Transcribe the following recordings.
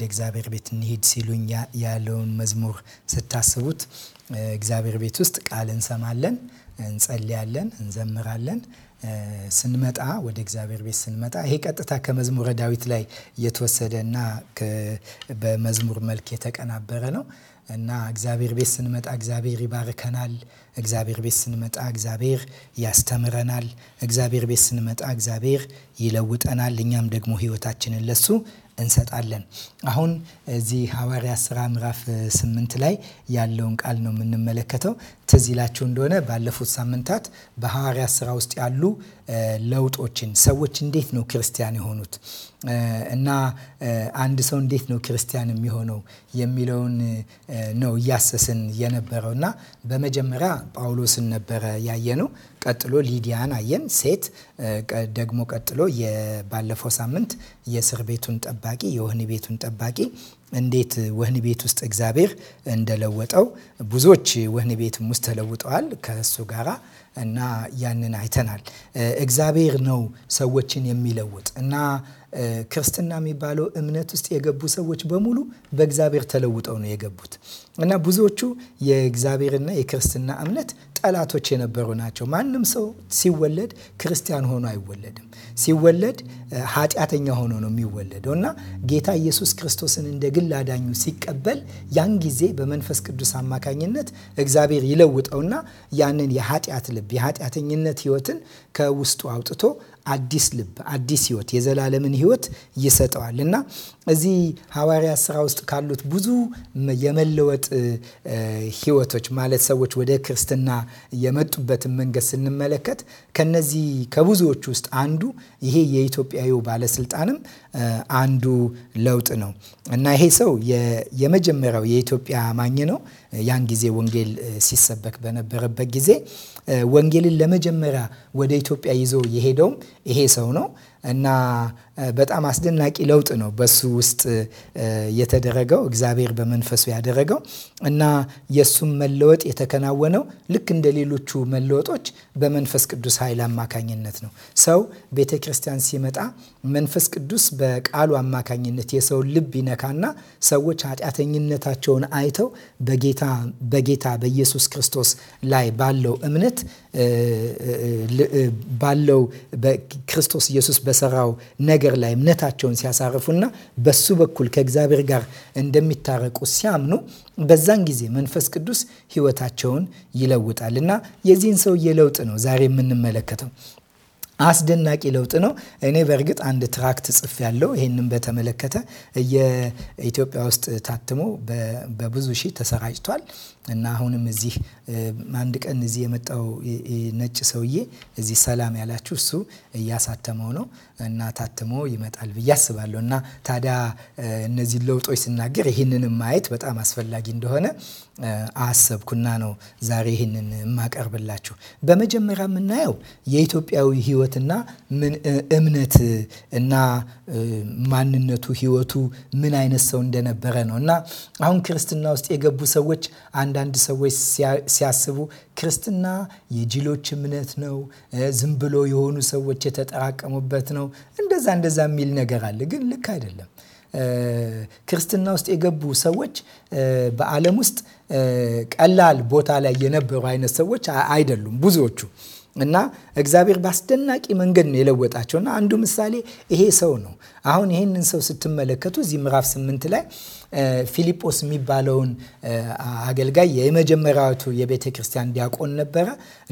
ወደ እግዚአብሔር ቤት እንሂድ ሲሉኝ ያለውን መዝሙር ስታስቡት እግዚአብሔር ቤት ውስጥ ቃል እንሰማለን፣ እንጸልያለን፣ እንዘምራለን። ስንመጣ ወደ እግዚአብሔር ቤት ስንመጣ ይሄ ቀጥታ ከመዝሙረ ዳዊት ላይ የተወሰደ እና በመዝሙር መልክ የተቀናበረ ነው እና እግዚአብሔር ቤት ስንመጣ እግዚአብሔር ይባርከናል። እግዚአብሔር ቤት ስንመጣ እግዚአብሔር ያስተምረናል። እግዚአብሔር ቤት ስንመጣ እግዚአብሔር ይለውጠናል። እኛም ደግሞ ሕይወታችንን ለሱ እንሰጣለን። አሁን እዚህ ሐዋርያ ስራ ምዕራፍ ስምንት ላይ ያለውን ቃል ነው የምንመለከተው ትዝ ይላችሁ እንደሆነ ባለፉት ሳምንታት በሐዋርያት ስራ ውስጥ ያሉ ለውጦችን ሰዎች እንዴት ነው ክርስቲያን የሆኑት እና አንድ ሰው እንዴት ነው ክርስቲያን የሚሆነው የሚለውን ነው እያሰስን የነበረው እና በመጀመሪያ ጳውሎስን ነበረ ነው። ቀጥሎ ሊዲያን አየን፣ ሴት ደግሞ ቀጥሎ ባለፈው ሳምንት የእስር ቤቱን ጠባቂ የወህኒ ቤቱን ጠባቂ እንዴት ወህኒ ቤት ውስጥ እግዚአብሔር እንደለወጠው ብዙዎች ወህኒ ቤትም ውስጥ ተለውጠዋል ከእሱ ጋራ እና ያንን አይተናል። እግዚአብሔር ነው ሰዎችን የሚለውጥ እና ክርስትና የሚባለው እምነት ውስጥ የገቡ ሰዎች በሙሉ በእግዚአብሔር ተለውጠው ነው የገቡት እና ብዙዎቹ የእግዚአብሔርና የክርስትና እምነት ጠላቶች የነበሩ ናቸው። ማንም ሰው ሲወለድ ክርስቲያን ሆኖ አይወለድም። ሲወለድ ኃጢአተኛ ሆኖ ነው የሚወለደው እና ጌታ ኢየሱስ ክርስቶስን እንደ ግል አዳኙ ሲቀበል ያን ጊዜ በመንፈስ ቅዱስ አማካኝነት እግዚአብሔር ይለውጠውና ያንን የኃጢአት ልብ የኃጢአተኝነት ህይወትን ከውስጡ አውጥቶ አዲስ ልብ፣ አዲስ ህይወት፣ የዘላለምን ህይወት ይሰጠዋል እና እዚህ ሐዋርያት ስራ ውስጥ ካሉት ብዙ የመለወጥ ህይወቶች ማለት ሰዎች ወደ ክርስትና የመጡበትን መንገድ ስንመለከት ከነዚህ ከብዙዎቹ ውስጥ አንዱ ይሄ የኢትዮጵያዊ ባለስልጣንም አንዱ ለውጥ ነው እና ይሄ ሰው የመጀመሪያው የኢትዮጵያ አማኝ ነው። ያን ጊዜ ወንጌል ሲሰበክ በነበረበት ጊዜ ወንጌልን ለመጀመሪያ ወደ ኢትዮጵያ ይዞ የሄደውም ይሄ ሰው ነው እና በጣም አስደናቂ ለውጥ ነው በሱ ውስጥ የተደረገው እግዚአብሔር በመንፈሱ ያደረገው እና የእሱም መለወጥ የተከናወነው ልክ እንደ ሌሎቹ መለወጦች በመንፈስ ቅዱስ ኃይል አማካኝነት ነው። ሰው ቤተ ክርስቲያን ሲመጣ መንፈስ ቅዱስ በቃሉ አማካኝነት የሰው ልብ ይነካና ሰዎች ኃጢአተኝነታቸውን አይተው በጌታ በኢየሱስ ክርስቶስ ላይ ባለው እምነት ባለው ክርስቶስ ኢየሱስ በሰራው ነገር ነገር ላይ እምነታቸውን ሲያሳርፉና በሱ በኩል ከእግዚአብሔር ጋር እንደሚታረቁ ሲያምኑ በዛን ጊዜ መንፈስ ቅዱስ ሕይወታቸውን ይለውጣል እና የዚህን ሰውዬ ለውጥ ነው ዛሬ የምንመለከተው። አስደናቂ ለውጥ ነው። እኔ በእርግጥ አንድ ትራክት ጽፍ ያለው ይህንም በተመለከተ የኢትዮጵያ ውስጥ ታትሞ በብዙ ሺህ ተሰራጭቷል እና አሁንም እዚህ አንድ ቀን እዚህ የመጣው ነጭ ሰውዬ እዚህ ሰላም ያላችሁ እሱ እያሳተመው ነው እና ታትሞ ይመጣል ብዬ አስባለሁ። እና ታዲያ እነዚህን ለውጦች ስናገር ይህንንም ማየት በጣም አስፈላጊ እንደሆነ አሰብኩና ነው ዛሬ ይህንን የማቀርብላችሁ። በመጀመሪያ የምናየው የኢትዮጵያዊ ሕይወትና እምነት እና ማንነቱ ሕይወቱ ምን አይነት ሰው እንደነበረ ነው እና አሁን ክርስትና ውስጥ የገቡ ሰዎች አንዳንድ ሰዎች ሲያስቡ ክርስትና የጅሎች እምነት ነው፣ ዝም ብሎ የሆኑ ሰዎች የተጠራቀሙበት ነው፣ እንደዛ እንደዛ የሚል ነገር አለ፣ ግን ልክ አይደለም። ክርስትና ውስጥ የገቡ ሰዎች በዓለም ውስጥ ቀላል ቦታ ላይ የነበሩ አይነት ሰዎች አይደሉም ብዙዎቹ እና እግዚአብሔር በአስደናቂ መንገድ ነው የለወጣቸው እና አንዱ ምሳሌ ይሄ ሰው ነው። አሁን ይህንን ሰው ስትመለከቱ እዚህ ምዕራፍ ስምንት ላይ ፊልጶስ የሚባለውን አገልጋይ የመጀመሪያቱ የቤተ ክርስቲያን ዲያቆን ነበረ።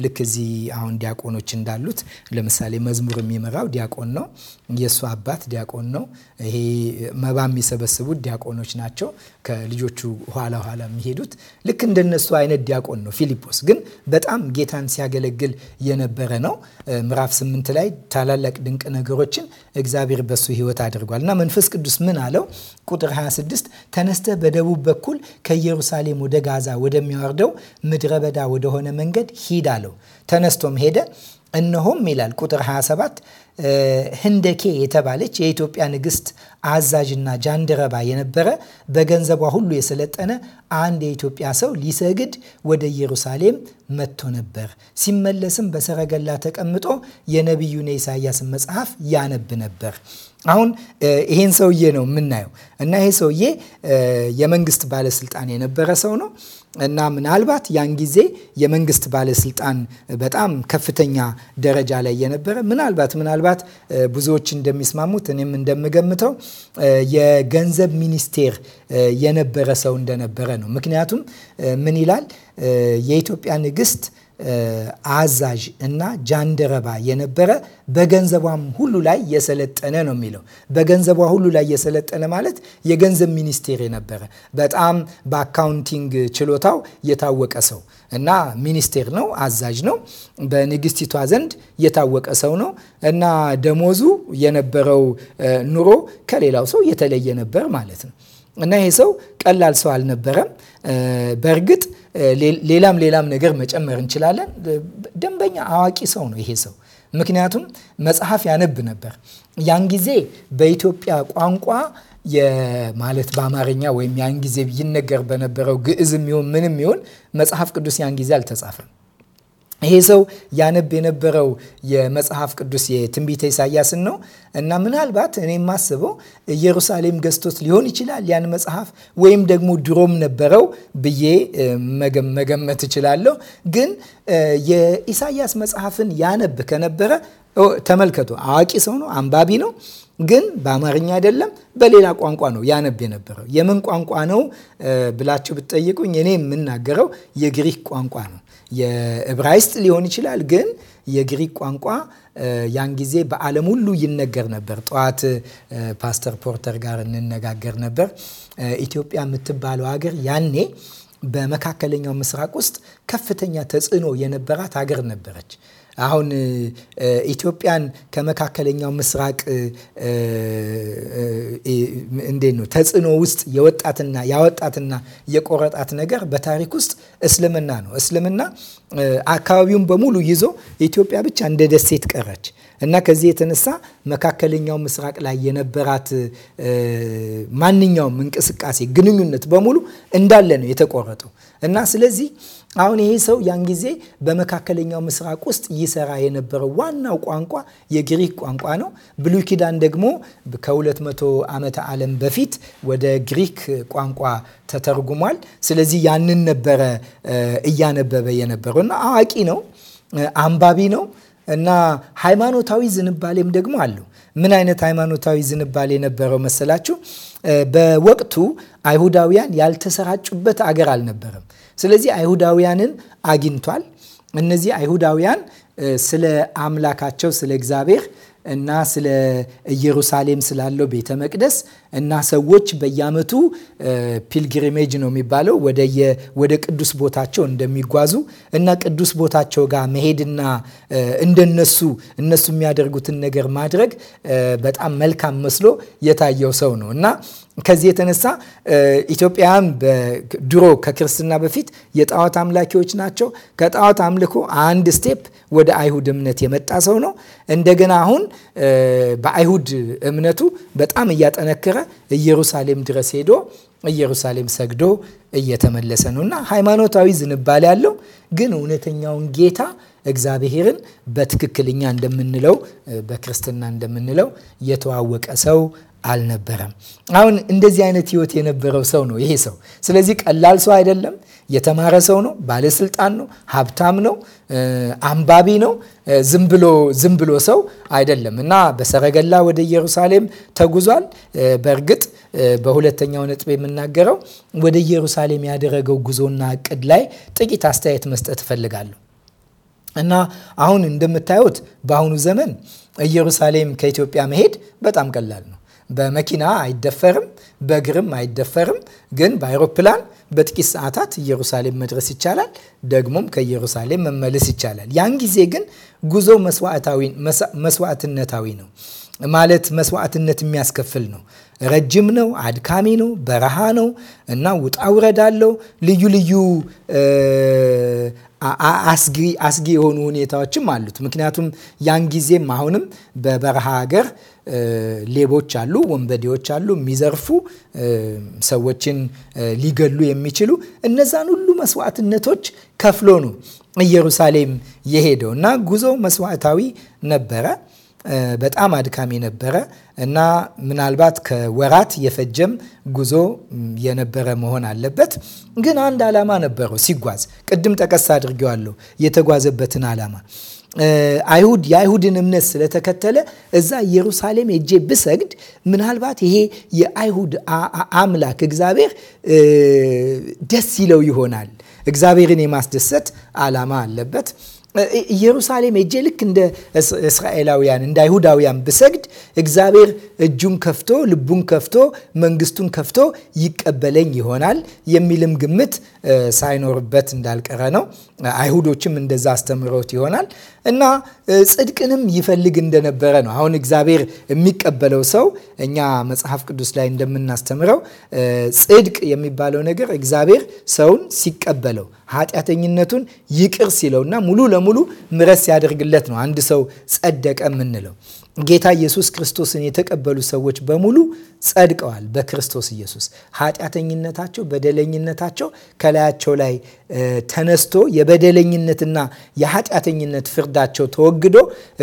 ልክ እዚህ አሁን ዲያቆኖች እንዳሉት ለምሳሌ መዝሙር የሚመራው ዲያቆን ነው። የእሱ አባት ዲያቆን ነው። ይሄ መባ የሚሰበስቡት ዲያቆኖች ናቸው። ከልጆቹ ኋላ ኋላ የሚሄዱት ልክ እንደነሱ አይነት ዲያቆን ነው። ፊልጶስ ግን በጣም ጌታን ሲያገለግል የነበረ ነው። ምዕራፍ ስምንት ላይ ታላላቅ ድንቅ ነገሮችን እግዚአብሔር በሱ ህይወት እንዲመለከት አድርጓል እና መንፈስ ቅዱስ ምን አለው? ቁጥር 26 ተነስተ በደቡብ በኩል ከኢየሩሳሌም ወደ ጋዛ ወደሚወርደው ምድረ በዳ ወደሆነ መንገድ ሂድ አለው። ተነስቶም ሄደ። እነሆም ይላል ቁጥር 27 ህንደኬ የተባለች የኢትዮጵያ ንግስት አዛዥና ጃንደረባ የነበረ በገንዘቧ ሁሉ የሰለጠነ አንድ የኢትዮጵያ ሰው ሊሰግድ ወደ ኢየሩሳሌም መጥቶ ነበር። ሲመለስም በሰረገላ ተቀምጦ የነቢዩን የኢሳያስን መጽሐፍ ያነብ ነበር። አሁን ይሄን ሰውዬ ነው የምናየው እና ይሄ ሰውዬ የመንግስት ባለስልጣን የነበረ ሰው ነው እና ምናልባት ያን ጊዜ የመንግስት ባለስልጣን በጣም ከፍተኛ ደረጃ ላይ የነበረ ምናልባት ምናልባት ምናልባት ብዙዎች እንደሚስማሙት እኔም እንደምገምተው የገንዘብ ሚኒስቴር የነበረ ሰው እንደነበረ ነው። ምክንያቱም ምን ይላል የኢትዮጵያ ንግስት አዛዥ እና ጃንደረባ የነበረ በገንዘቧም ሁሉ ላይ የሰለጠነ ነው የሚለው። በገንዘቧ ሁሉ ላይ የሰለጠነ ማለት የገንዘብ ሚኒስቴር የነበረ በጣም በአካውንቲንግ ችሎታው የታወቀ ሰው እና ሚኒስቴር ነው፣ አዛዥ ነው፣ በንግስቲቷ ዘንድ የታወቀ ሰው ነው እና ደሞዙ የነበረው ኑሮ ከሌላው ሰው የተለየ ነበር ማለት ነው። እና ይሄ ሰው ቀላል ሰው አልነበረም። በእርግጥ ሌላም ሌላም ነገር መጨመር እንችላለን። ደንበኛ አዋቂ ሰው ነው ይሄ ሰው። ምክንያቱም መጽሐፍ ያነብ ነበር። ያን ጊዜ በኢትዮጵያ ቋንቋ ማለት በአማርኛ ወይም ያን ጊዜ ይነገር በነበረው ግዕዝም ይሁን ምንም ይሁን መጽሐፍ ቅዱስ ያን ጊዜ አልተጻፈም። ይሄ ሰው ያነብ የነበረው የመጽሐፍ ቅዱስ የትንቢተ ኢሳያስን ነው እና ምናልባት እኔ የማስበው ኢየሩሳሌም ገዝቶት ሊሆን ይችላል ያን መጽሐፍ ወይም ደግሞ ድሮም ነበረው ብዬ መገመት እችላለሁ። ግን የኢሳያስ መጽሐፍን ያነብ ከነበረ ተመልከቱ፣ አዋቂ ሰው ነው፣ አንባቢ ነው። ግን በአማርኛ አይደለም፣ በሌላ ቋንቋ ነው ያነብ የነበረው። የምን ቋንቋ ነው ብላችሁ ብትጠይቁኝ እኔ የምናገረው የግሪክ ቋንቋ ነው። የዕብራይስጥ ሊሆን ይችላል ግን የግሪክ ቋንቋ ያን ጊዜ በዓለም ሁሉ ይነገር ነበር። ጠዋት ፓስተር ፖርተር ጋር እንነጋገር ነበር። ኢትዮጵያ የምትባለው ሀገር ያኔ በመካከለኛው ምስራቅ ውስጥ ከፍተኛ ተጽዕኖ የነበራት ሀገር ነበረች። አሁን ኢትዮጵያን ከመካከለኛው ምስራቅ እንዴት ነው ተጽዕኖ ውስጥ የወጣትና ያወጣትና የቆረጣት ነገር በታሪክ ውስጥ እስልምና ነው። እስልምና አካባቢውን በሙሉ ይዞ ኢትዮጵያ ብቻ እንደ ደሴት ቀረች እና ከዚህ የተነሳ መካከለኛው ምስራቅ ላይ የነበራት ማንኛውም እንቅስቃሴ፣ ግንኙነት በሙሉ እንዳለ ነው የተቆረጠው። እና ስለዚህ አሁን ይሄ ሰው ያን ጊዜ በመካከለኛው ምስራቅ ውስጥ ይሰራ የነበረው ዋናው ቋንቋ የግሪክ ቋንቋ ነው። ብሉይ ኪዳን ደግሞ ከ200 ዓመተ ዓለም በፊት ወደ ግሪክ ቋንቋ ተተርጉሟል። ስለዚህ ያንን ነበረ እያነበበ የነበረው እና አዋቂ ነው፣ አንባቢ ነው እና ሃይማኖታዊ ዝንባሌም ደግሞ አለው። ምን አይነት ሃይማኖታዊ ዝንባሌ ነበረው መሰላችሁ? በወቅቱ አይሁዳውያን ያልተሰራጩበት አገር አልነበረም። ስለዚህ አይሁዳውያንን አግኝቷል። እነዚህ አይሁዳውያን ስለ አምላካቸው ስለ እግዚአብሔር እና ስለ ኢየሩሳሌም ስላለው ቤተ መቅደስ እና ሰዎች በየዓመቱ ፒልግሪሜጅ ነው የሚባለው ወደ ቅዱስ ቦታቸው እንደሚጓዙ እና ቅዱስ ቦታቸው ጋር መሄድና እንደነሱ እነሱ የሚያደርጉትን ነገር ማድረግ በጣም መልካም መስሎ የታየው ሰው ነው እና ከዚህ የተነሳ ኢትዮጵያውያን ድሮ ከክርስትና በፊት የጣዖት አምላኪዎች ናቸው። ከጣዖት አምልኮ አንድ ስቴፕ ወደ አይሁድ እምነት የመጣ ሰው ነው። እንደገና አሁን በአይሁድ እምነቱ በጣም እያጠነከረ ኢየሩሳሌም ድረስ ሄዶ ኢየሩሳሌም ሰግዶ እየተመለሰ ነው እና ሃይማኖታዊ ዝንባል ያለው ግን እውነተኛውን ጌታ እግዚአብሔርን በትክክለኛ እንደምንለው በክርስትና እንደምንለው የተዋወቀ ሰው አልነበረም። አሁን እንደዚህ አይነት ህይወት የነበረው ሰው ነው ይሄ ሰው። ስለዚህ ቀላል ሰው አይደለም። የተማረ ሰው ነው፣ ባለስልጣን ነው፣ ሀብታም ነው፣ አንባቢ ነው። ዝም ብሎ ዝም ብሎ ሰው አይደለም እና በሰረገላ ወደ ኢየሩሳሌም ተጉዟል። በእርግጥ በሁለተኛው ነጥብ የምናገረው ወደ ኢየሩሳሌም ያደረገው ጉዞና እቅድ ላይ ጥቂት አስተያየት መስጠት እፈልጋለሁ እና አሁን እንደምታዩት በአሁኑ ዘመን ኢየሩሳሌም ከኢትዮጵያ መሄድ በጣም ቀላል ነው። በመኪና አይደፈርም፣ በእግርም አይደፈርም። ግን በአይሮፕላን በጥቂት ሰዓታት ኢየሩሳሌም መድረስ ይቻላል። ደግሞም ከኢየሩሳሌም መመለስ ይቻላል። ያን ጊዜ ግን ጉዞ መስዋዕትነታዊ ነው ማለት መስዋዕትነት የሚያስከፍል ነው። ረጅም ነው፣ አድካሚ ነው፣ በረሃ ነው እና ውጣ ውረድ አለው። ልዩ ልዩ አስጊ አስጊ የሆኑ ሁኔታዎችም አሉት። ምክንያቱም ያን ጊዜም አሁንም በበረሃ ሀገር ሌቦች አሉ፣ ወንበዴዎች አሉ፣ የሚዘርፉ ሰዎችን ሊገሉ የሚችሉ እነዛን ሁሉ መስዋዕትነቶች ከፍሎ ነው ኢየሩሳሌም የሄደው እና ጉዞው መስዋዕታዊ ነበረ። በጣም አድካሚ ነበረ እና ምናልባት ከወራት የፈጀም ጉዞ የነበረ መሆን አለበት። ግን አንድ ዓላማ ነበረው ሲጓዝ። ቅድም ጠቀስ አድርጌዋለሁ የተጓዘበትን ዓላማ አይሁድ የአይሁድን እምነት ስለተከተለ እዛ ኢየሩሳሌም ሄጄ ብሰግድ ምናልባት ይሄ የአይሁድ አምላክ እግዚአብሔር ደስ ይለው ይሆናል። እግዚአብሔርን የማስደሰት ዓላማ አለበት። ኢየሩሳሌም ሄጄ ልክ እንደ እስራኤላውያን እንደ አይሁዳውያን ብሰግድ እግዚአብሔር እጁን ከፍቶ ልቡን ከፍቶ መንግስቱን ከፍቶ ይቀበለኝ ይሆናል የሚልም ግምት ሳይኖርበት እንዳልቀረ ነው። አይሁዶችም እንደዛ አስተምሮት ይሆናል እና ጽድቅንም ይፈልግ እንደነበረ ነው። አሁን እግዚአብሔር የሚቀበለው ሰው እኛ መጽሐፍ ቅዱስ ላይ እንደምናስተምረው ጽድቅ የሚባለው ነገር እግዚአብሔር ሰውን ሲቀበለው ኃጢአተኝነቱን ይቅር ሲለውና ሙሉ ለሙሉ ምረት ሲያደርግለት ነው አንድ ሰው ጸደቀ የምንለው ጌታ ኢየሱስ ክርስቶስን የተቀበሉ ሰዎች በሙሉ ጸድቀዋል። በክርስቶስ ኢየሱስ ኃጢአተኝነታቸው፣ በደለኝነታቸው ከላያቸው ላይ ተነስቶ የበደለኝነትና የኃጢአተኝነት ፍርዳቸው ተወግዶ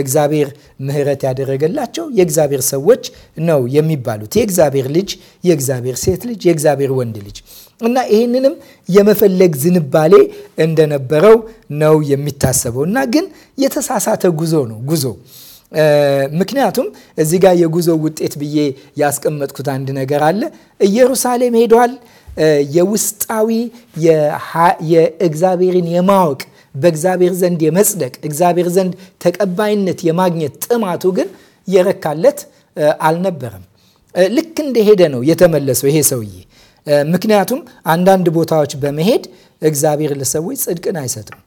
እግዚአብሔር ምሕረት ያደረገላቸው የእግዚአብሔር ሰዎች ነው የሚባሉት የእግዚአብሔር ልጅ፣ የእግዚአብሔር ሴት ልጅ፣ የእግዚአብሔር ወንድ ልጅ እና ይህንንም የመፈለግ ዝንባሌ እንደነበረው ነው የሚታሰበው እና ግን የተሳሳተ ጉዞ ነው ጉዞ ምክንያቱም እዚህ ጋር የጉዞ ውጤት ብዬ ያስቀመጥኩት አንድ ነገር አለ። ኢየሩሳሌም ሄዷል። የውስጣዊ የእግዚአብሔርን የማወቅ በእግዚአብሔር ዘንድ የመጽደቅ እግዚአብሔር ዘንድ ተቀባይነት የማግኘት ጥማቱ ግን የረካለት አልነበረም። ልክ እንደሄደ ነው የተመለሰው ይሄ ሰውዬ። ምክንያቱም አንዳንድ ቦታዎች በመሄድ እግዚአብሔር ለሰዎች ጽድቅን አይሰጥም።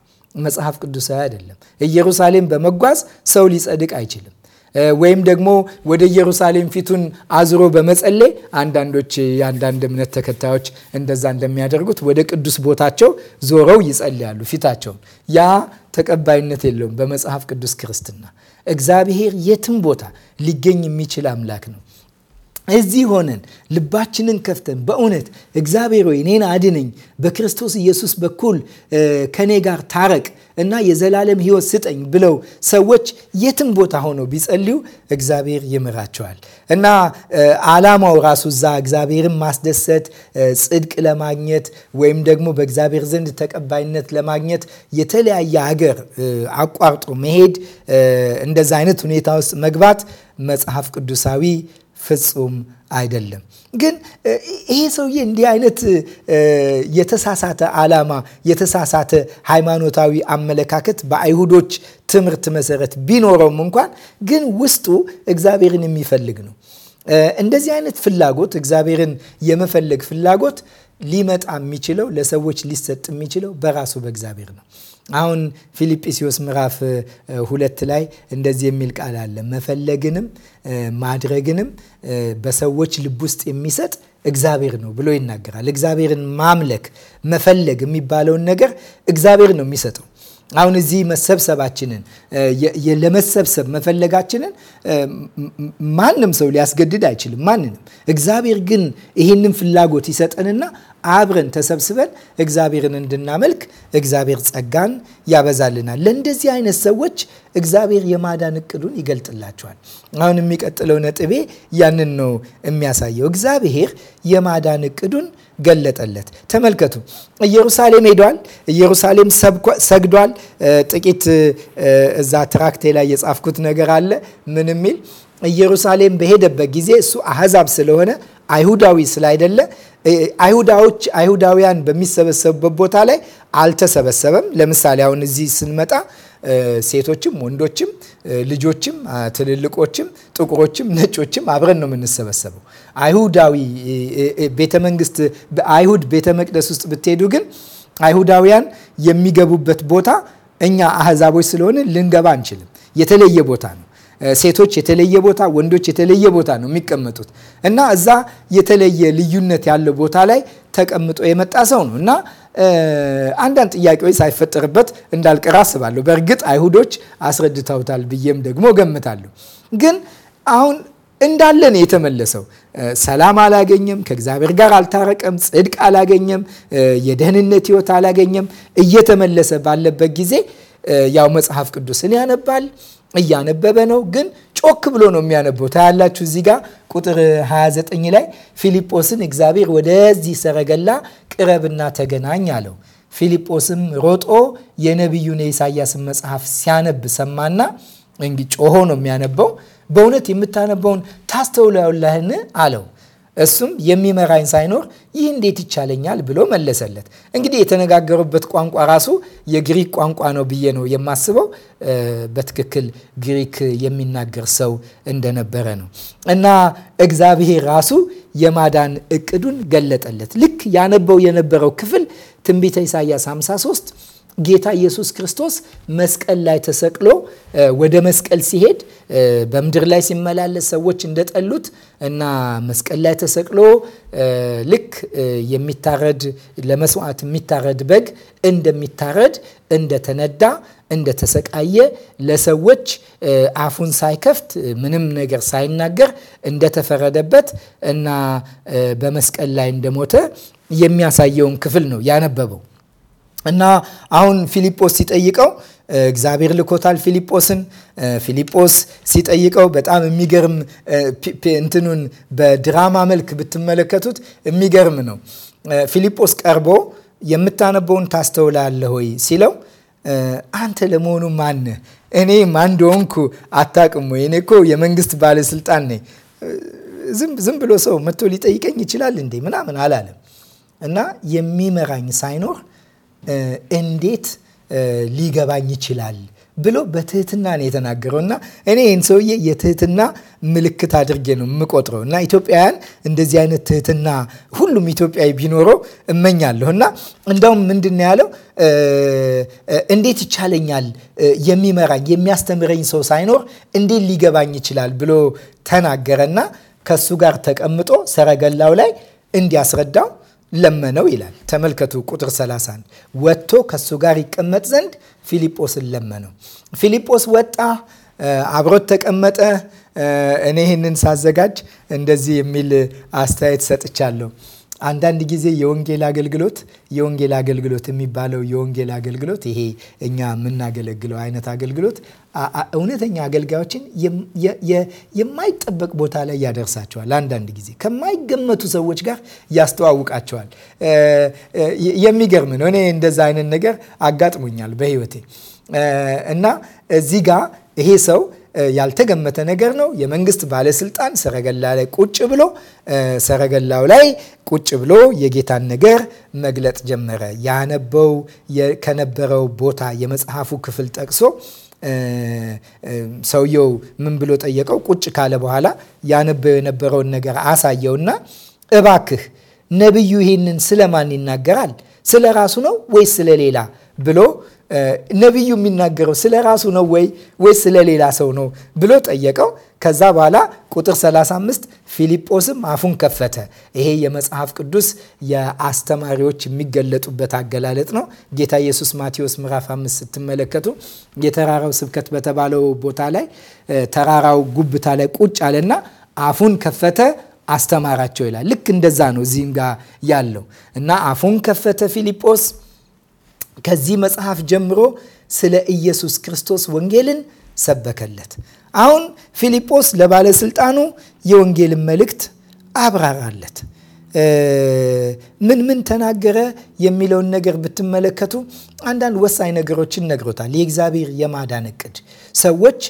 መጽሐፍ ቅዱሳዊ አይደለም። ኢየሩሳሌም በመጓዝ ሰው ሊጸድቅ አይችልም። ወይም ደግሞ ወደ ኢየሩሳሌም ፊቱን አዙሮ በመጸለይ አንዳንዶች የአንዳንድ እምነት ተከታዮች እንደዛ እንደሚያደርጉት ወደ ቅዱስ ቦታቸው ዞረው ይጸልያሉ ፊታቸውን። ያ ተቀባይነት የለውም በመጽሐፍ ቅዱስ ክርስትና። እግዚአብሔር የትም ቦታ ሊገኝ የሚችል አምላክ ነው። እዚህ ሆነን ልባችንን ከፍተን በእውነት እግዚአብሔር ወይ እኔን አድነኝ፣ በክርስቶስ ኢየሱስ በኩል ከኔ ጋር ታረቅ እና የዘላለም ሕይወት ስጠኝ ብለው ሰዎች የትም ቦታ ሆነው ቢጸልዩ እግዚአብሔር ይምራቸዋል እና ዓላማው ራሱ እዛ እግዚአብሔርን ማስደሰት ጽድቅ ለማግኘት ወይም ደግሞ በእግዚአብሔር ዘንድ ተቀባይነት ለማግኘት የተለያየ ሀገር አቋርጦ መሄድ እንደዛ አይነት ሁኔታ ውስጥ መግባት መጽሐፍ ቅዱሳዊ ፍጹም አይደለም። ግን ይሄ ሰውዬ እንዲህ አይነት የተሳሳተ ዓላማ የተሳሳተ ሃይማኖታዊ አመለካከት በአይሁዶች ትምህርት መሰረት ቢኖረውም እንኳን ግን ውስጡ እግዚአብሔርን የሚፈልግ ነው። እንደዚህ አይነት ፍላጎት እግዚአብሔርን የመፈለግ ፍላጎት ሊመጣ የሚችለው ለሰዎች ሊሰጥ የሚችለው በራሱ በእግዚአብሔር ነው። አሁን ፊልጵስዩስ ምዕራፍ ሁለት ላይ እንደዚህ የሚል ቃል አለ። መፈለግንም ማድረግንም በሰዎች ልብ ውስጥ የሚሰጥ እግዚአብሔር ነው ብሎ ይናገራል። እግዚአብሔርን ማምለክ መፈለግ የሚባለውን ነገር እግዚአብሔር ነው የሚሰጠው። አሁን እዚህ መሰብሰባችንን ለመሰብሰብ መፈለጋችንን ማንም ሰው ሊያስገድድ አይችልም። ማንንም እግዚአብሔር ግን ይህንን ፍላጎት ይሰጠንና አብረን ተሰብስበን እግዚአብሔርን እንድናመልክ እግዚአብሔር ጸጋን ያበዛልናል። ለእንደዚህ አይነት ሰዎች እግዚአብሔር የማዳን እቅዱን ይገልጥላቸዋል። አሁን የሚቀጥለው ነጥቤ ያንን ነው የሚያሳየው። እግዚአብሔር የማዳን እቅዱን ገለጠለት። ተመልከቱ፣ ኢየሩሳሌም ሄዷል። ኢየሩሳሌም ሰግዷል። ጥቂት እዛ ትራክቴ ላይ የጻፍኩት ነገር አለ። ምን የሚል ኢየሩሳሌም በሄደበት ጊዜ እሱ አህዛብ ስለሆነ አይሁዳዊ ስላይደለ አይሁዳዎች አይሁዳውያን በሚሰበሰቡበት ቦታ ላይ አልተሰበሰበም። ለምሳሌ አሁን እዚህ ስንመጣ ሴቶችም ወንዶችም ልጆችም ትልልቆችም ጥቁሮችም ነጮችም አብረን ነው የምንሰበሰበው። አይሁዳዊ ቤተ መንግስት አይሁድ ቤተ መቅደስ ውስጥ ብትሄዱ ግን አይሁዳውያን የሚገቡበት ቦታ እኛ አህዛቦች ስለሆነ ልንገባ አንችልም። የተለየ ቦታ ነው። ሴቶች የተለየ ቦታ፣ ወንዶች የተለየ ቦታ ነው የሚቀመጡት እና እዛ የተለየ ልዩነት ያለው ቦታ ላይ ተቀምጦ የመጣ ሰው ነው እና አንዳንድ ጥያቄዎች ሳይፈጠርበት እንዳልቀረ አስባለሁ። በእርግጥ አይሁዶች አስረድተውታል ብዬም ደግሞ ገምታለሁ። ግን አሁን እንዳለ ነው የተመለሰው። ሰላም አላገኘም፣ ከእግዚአብሔር ጋር አልታረቀም፣ ጽድቅ አላገኘም፣ የደህንነት ሕይወት አላገኘም። እየተመለሰ ባለበት ጊዜ ያው መጽሐፍ ቅዱስን ያነባል እያነበበ ነው፣ ግን ጮክ ብሎ ነው የሚያነበው። ታያላችሁ እዚህ ጋር ቁጥር 29 ላይ ፊልጶስን እግዚአብሔር ወደዚህ ሰረገላ ቅረብና ተገናኝ አለው። ፊልጶስም ሮጦ የነቢዩን የኢሳያስን መጽሐፍ ሲያነብ ሰማና፣ እንግዲህ ጮሆ ነው የሚያነበው። በእውነት የምታነበውን ታስተውላለህን አለው። እሱም የሚመራኝ ሳይኖር ይህ እንዴት ይቻለኛል ብሎ መለሰለት። እንግዲህ የተነጋገሩበት ቋንቋ ራሱ የግሪክ ቋንቋ ነው ብዬ ነው የማስበው። በትክክል ግሪክ የሚናገር ሰው እንደነበረ ነው እና እግዚአብሔር ራሱ የማዳን እቅዱን ገለጠለት። ልክ ያነበው የነበረው ክፍል ትንቢተ ኢሳያስ 53 ጌታ ኢየሱስ ክርስቶስ መስቀል ላይ ተሰቅሎ ወደ መስቀል ሲሄድ በምድር ላይ ሲመላለስ ሰዎች እንደጠሉት እና መስቀል ላይ ተሰቅሎ ልክ የሚታረድ ለመስዋዕት የሚታረድ በግ እንደሚታረድ እንደተነዳ እንደተሰቃየ ለሰዎች አፉን ሳይከፍት ምንም ነገር ሳይናገር እንደተፈረደበት እና በመስቀል ላይ እንደሞተ የሚያሳየውን ክፍል ነው ያነበበው። እና አሁን ፊልጶስ ሲጠይቀው እግዚአብሔር ልኮታል ፊልጶስን። ፊልጶስ ሲጠይቀው በጣም የሚገርም እንትኑን በድራማ መልክ ብትመለከቱት የሚገርም ነው። ፊልጶስ ቀርቦ የምታነበውን ታስተውላለህ ወይ ሲለው አንተ ለመሆኑ ማን እኔ ማን እንደሆንኩ አታውቅም ወይ? እኔ እኮ የመንግስት ባለስልጣን ነኝ። ዝም ብሎ ሰው መጥቶ ሊጠይቀኝ ይችላል እንዴ ምናምን አላለም እና የሚመራኝ ሳይኖር እንዴት ሊገባኝ ይችላል ብሎ በትህትና ነው የተናገረው እና እኔ ይህን ሰውዬ የትህትና ምልክት አድርጌ ነው የምቆጥረው እና ኢትዮጵያውያን እንደዚህ አይነት ትህትና ሁሉም ኢትዮጵያዊ ቢኖረው እመኛለሁ እና እንደውም ምንድን ያለው እንዴት ይቻለኛል የሚመራኝ የሚያስተምረኝ ሰው ሳይኖር እንዴት ሊገባኝ ይችላል ብሎ ተናገረና ከሱ ጋር ተቀምጦ ሰረገላው ላይ እንዲያስረዳው ለመነው ይላል። ተመልከቱ ቁጥር 30 ወጥቶ ከሱ ጋር ይቀመጥ ዘንድ ፊልጶስን ለመነው። ፊልጶስ ወጣ፣ አብሮት ተቀመጠ። እኔ ይህንን ሳዘጋጅ እንደዚህ የሚል አስተያየት ሰጥቻለሁ። አንዳንድ ጊዜ የወንጌል አገልግሎት የወንጌል አገልግሎት የሚባለው የወንጌል አገልግሎት ይሄ እኛ የምናገለግለው አይነት አገልግሎት እውነተኛ አገልጋዮችን የማይጠበቅ ቦታ ላይ ያደርሳቸዋል። አንዳንድ ጊዜ ከማይገመቱ ሰዎች ጋር ያስተዋውቃቸዋል። የሚገርም ነው። እኔ እንደዛ አይነት ነገር አጋጥሞኛል በህይወቴ እና እዚህ ጋር ይሄ ሰው ያልተገመተ ነገር ነው። የመንግስት ባለስልጣን ሰረገላ ላይ ቁጭ ብሎ ሰረገላው ላይ ቁጭ ብሎ የጌታን ነገር መግለጥ ጀመረ። ያነበው ከነበረው ቦታ የመጽሐፉ ክፍል ጠቅሶ ሰውየው ምን ብሎ ጠየቀው? ቁጭ ካለ በኋላ ያነበው የነበረውን ነገር አሳየውና እባክህ ነቢዩ ይህንን ስለማን ይናገራል? ስለ ራሱ ነው ወይስ ስለሌላ ብሎ ነቢዩ የሚናገረው ስለ ራሱ ነው ወይ ወይስ ስለ ሌላ ሰው ነው ብሎ ጠየቀው። ከዛ በኋላ ቁጥር 35 ፊልጶስም አፉን ከፈተ። ይሄ የመጽሐፍ ቅዱስ የአስተማሪዎች የሚገለጡበት አገላለጥ ነው። ጌታ ኢየሱስ ማቴዎስ ምዕራፍ 5 ስትመለከቱ የተራራው ስብከት በተባለው ቦታ ላይ ተራራው ጉብታ ላይ ቁጭ አለና አፉን ከፈተ አስተማራቸው ይላል። ልክ እንደዛ ነው እዚህም ጋር ያለው እና አፉን ከፈተ ፊልጶስ ከዚህ መጽሐፍ ጀምሮ ስለ ኢየሱስ ክርስቶስ ወንጌልን ሰበከለት። አሁን ፊልጶስ ለባለስልጣኑ የወንጌልን መልእክት አብራራለት። ምን ምን ተናገረ የሚለውን ነገር ብትመለከቱ አንዳንድ ወሳኝ ነገሮችን ነግሮታል። የእግዚአብሔር የማዳን እቅድ ሰዎች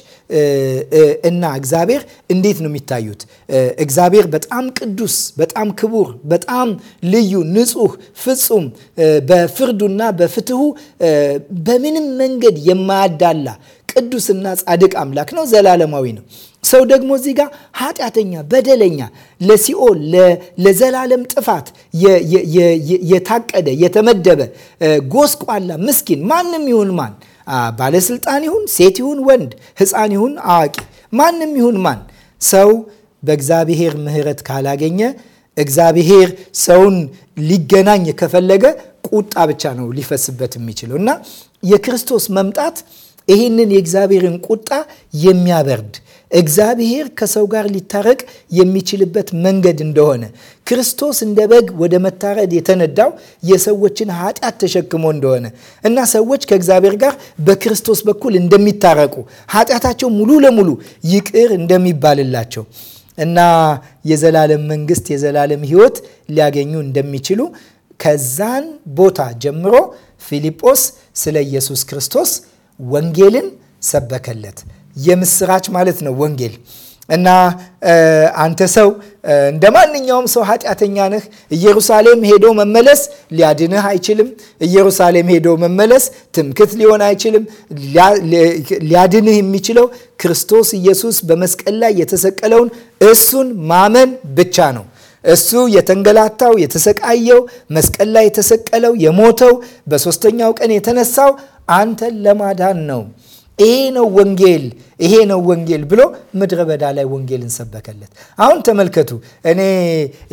እና እግዚአብሔር እንዴት ነው የሚታዩት? እግዚአብሔር በጣም ቅዱስ፣ በጣም ክቡር፣ በጣም ልዩ፣ ንጹህ፣ ፍጹም በፍርዱና በፍትሁ በምንም መንገድ የማያዳላ ቅዱስና ጻድቅ አምላክ ነው። ዘላለማዊ ነው። ሰው ደግሞ እዚህ ጋር ኃጢአተኛ፣ በደለኛ፣ ለሲኦል ለዘላለም ጥፋት የታቀደ የተመደበ ጎስቋላ፣ ምስኪን ማንም ይሁን ማን ባለስልጣን ይሁን ሴት ይሁን ወንድ፣ ህፃን ይሁን አዋቂ፣ ማንም ይሁን ማን ሰው በእግዚአብሔር ምሕረት ካላገኘ እግዚአብሔር ሰውን ሊገናኝ ከፈለገ ቁጣ ብቻ ነው ሊፈስበት የሚችለው እና የክርስቶስ መምጣት ይህንን የእግዚአብሔርን ቁጣ የሚያበርድ እግዚአብሔር ከሰው ጋር ሊታረቅ የሚችልበት መንገድ እንደሆነ ክርስቶስ እንደ በግ ወደ መታረድ የተነዳው የሰዎችን ኃጢአት ተሸክሞ እንደሆነ እና ሰዎች ከእግዚአብሔር ጋር በክርስቶስ በኩል እንደሚታረቁ ኃጢአታቸው ሙሉ ለሙሉ ይቅር እንደሚባልላቸው እና የዘላለም መንግስት የዘላለም ህይወት ሊያገኙ እንደሚችሉ ከዛን ቦታ ጀምሮ ፊልጶስ ስለ ኢየሱስ ክርስቶስ ወንጌልን ሰበከለት። የምስራች ማለት ነው ወንጌል እና አንተ ሰው እንደ ማንኛውም ሰው ኃጢአተኛ ነህ። ኢየሩሳሌም ሄዶ መመለስ ሊያድንህ አይችልም። ኢየሩሳሌም ሄዶ መመለስ ትምክት ሊሆን አይችልም። ሊያድንህ የሚችለው ክርስቶስ ኢየሱስ በመስቀል ላይ የተሰቀለውን እሱን ማመን ብቻ ነው። እሱ የተንገላታው፣ የተሰቃየው፣ መስቀል ላይ የተሰቀለው፣ የሞተው፣ በሦስተኛው ቀን የተነሳው አንተን ለማዳን ነው። ይሄ ነው ወንጌል፣ ይሄ ነው ወንጌል ብሎ ምድረ በዳ ላይ ወንጌልን ሰበከለት። አሁን ተመልከቱ። እኔ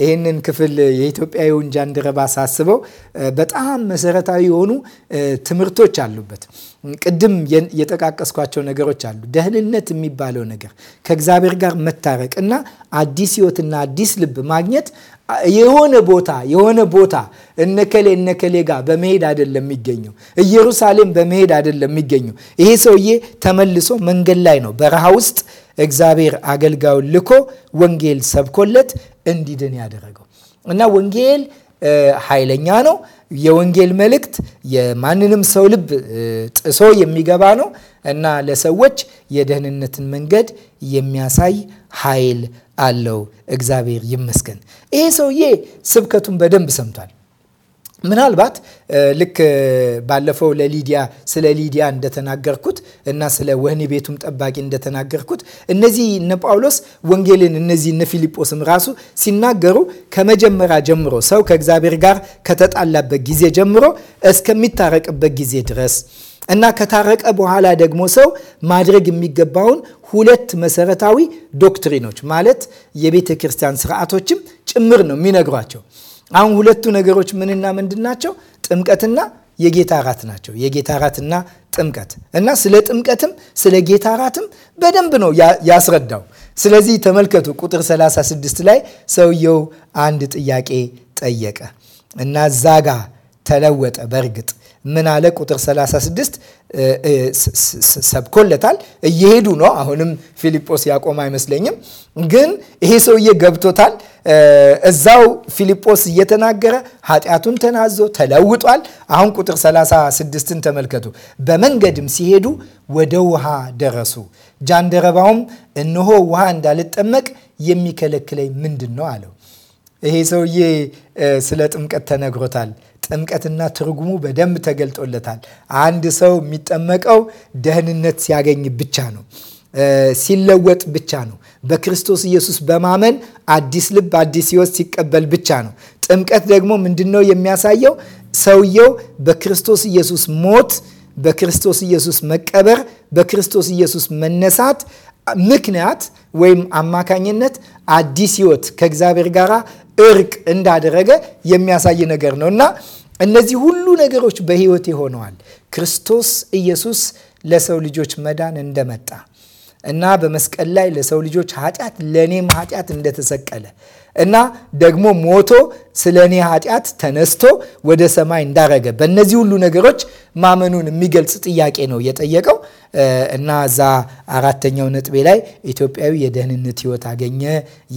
ይህንን ክፍል የኢትዮጵያዊውን ጃንደረባ ሳስበው በጣም መሰረታዊ የሆኑ ትምህርቶች አሉበት። ቅድም የጠቃቀስኳቸው ነገሮች አሉ። ደህንነት የሚባለው ነገር ከእግዚአብሔር ጋር መታረቅ እና አዲስ ህይወትና አዲስ ልብ ማግኘት የሆነ ቦታ የሆነ ቦታ እነከሌ እነከሌ ጋር በመሄድ አይደለም የሚገኘው። ኢየሩሳሌም በመሄድ አይደለም የሚገኘው። ይሄ ሰውዬ ተመልሶ መንገድ ላይ ነው፣ በረሃ ውስጥ እግዚአብሔር አገልጋዩን ልኮ ወንጌል ሰብኮለት እንዲድን ያደረገው እና ወንጌል ኃይለኛ ነው። የወንጌል መልእክት የማንንም ሰው ልብ ጥሶ የሚገባ ነው እና ለሰዎች የደህንነትን መንገድ የሚያሳይ ኃይል አለው። እግዚአብሔር ይመስገን። ይሄ ሰውዬ ስብከቱን በደንብ ሰምቷል። ምናልባት ልክ ባለፈው ለሊዲያ ስለ ሊዲያ እንደተናገርኩት እና ስለ ወህኒ ቤቱም ጠባቂ እንደተናገርኩት እነዚህ እነ ጳውሎስ ወንጌልን እነዚህ እነ ፊልጶስም ራሱ ሲናገሩ ከመጀመሪያ ጀምሮ ሰው ከእግዚአብሔር ጋር ከተጣላበት ጊዜ ጀምሮ እስከሚታረቅበት ጊዜ ድረስ እና ከታረቀ በኋላ ደግሞ ሰው ማድረግ የሚገባውን ሁለት መሰረታዊ ዶክትሪኖች ማለት የቤተ ክርስቲያን ስርዓቶችም ጭምር ነው የሚነግሯቸው። አሁን ሁለቱ ነገሮች ምንና ምንድን ናቸው? ጥምቀትና የጌታ አራት ናቸው። የጌታ ራትና ጥምቀት እና ስለ ጥምቀትም ስለ ጌታ ራትም በደንብ ነው ያስረዳው። ስለዚህ ተመልከቱ ቁጥር 36 ላይ ሰውየው አንድ ጥያቄ ጠየቀ እና ዛጋ ተለወጠ። በእርግጥ ምን አለ? ቁጥር 36 ሰብኮለታል። እየሄዱ ነው። አሁንም ፊልጶስ ያቆም አይመስለኝም። ግን ይሄ ሰውዬ ገብቶታል። እዛው ፊልጶስ እየተናገረ ኃጢአቱን ተናዞ ተለውጧል። አሁን ቁጥር 36ን ተመልከቱ። በመንገድም ሲሄዱ ወደ ውሃ ደረሱ። ጃንደረባውም እነሆ ውሃ እንዳልጠመቅ የሚከለክለኝ ምንድን ነው አለው። ይሄ ሰውዬ ስለ ጥምቀት ተነግሮታል። ጥምቀትና ትርጉሙ በደንብ ተገልጦለታል። አንድ ሰው የሚጠመቀው ደህንነት ሲያገኝ ብቻ ነው፣ ሲለወጥ ብቻ ነው፣ በክርስቶስ ኢየሱስ በማመን አዲስ ልብ፣ አዲስ ህይወት ሲቀበል ብቻ ነው። ጥምቀት ደግሞ ምንድን ነው የሚያሳየው? ሰውየው በክርስቶስ ኢየሱስ ሞት፣ በክርስቶስ ኢየሱስ መቀበር፣ በክርስቶስ ኢየሱስ መነሳት ምክንያት ወይም አማካኝነት አዲስ ህይወት ከእግዚአብሔር ጋር እርቅ እንዳደረገ የሚያሳይ ነገር ነው እና እነዚህ ሁሉ ነገሮች በህይወት ሆነዋል ክርስቶስ ኢየሱስ ለሰው ልጆች መዳን እንደመጣ እና በመስቀል ላይ ለሰው ልጆች ኃጢአት ለእኔም ኃጢአት እንደተሰቀለ እና ደግሞ ሞቶ ስለ እኔ ኃጢአት ተነስቶ ወደ ሰማይ እንዳረገ በእነዚህ ሁሉ ነገሮች ማመኑን የሚገልጽ ጥያቄ ነው የጠየቀው እና እዛ አራተኛው ነጥቤ ላይ ኢትዮጵያዊ የደህንነት ህይወት አገኘ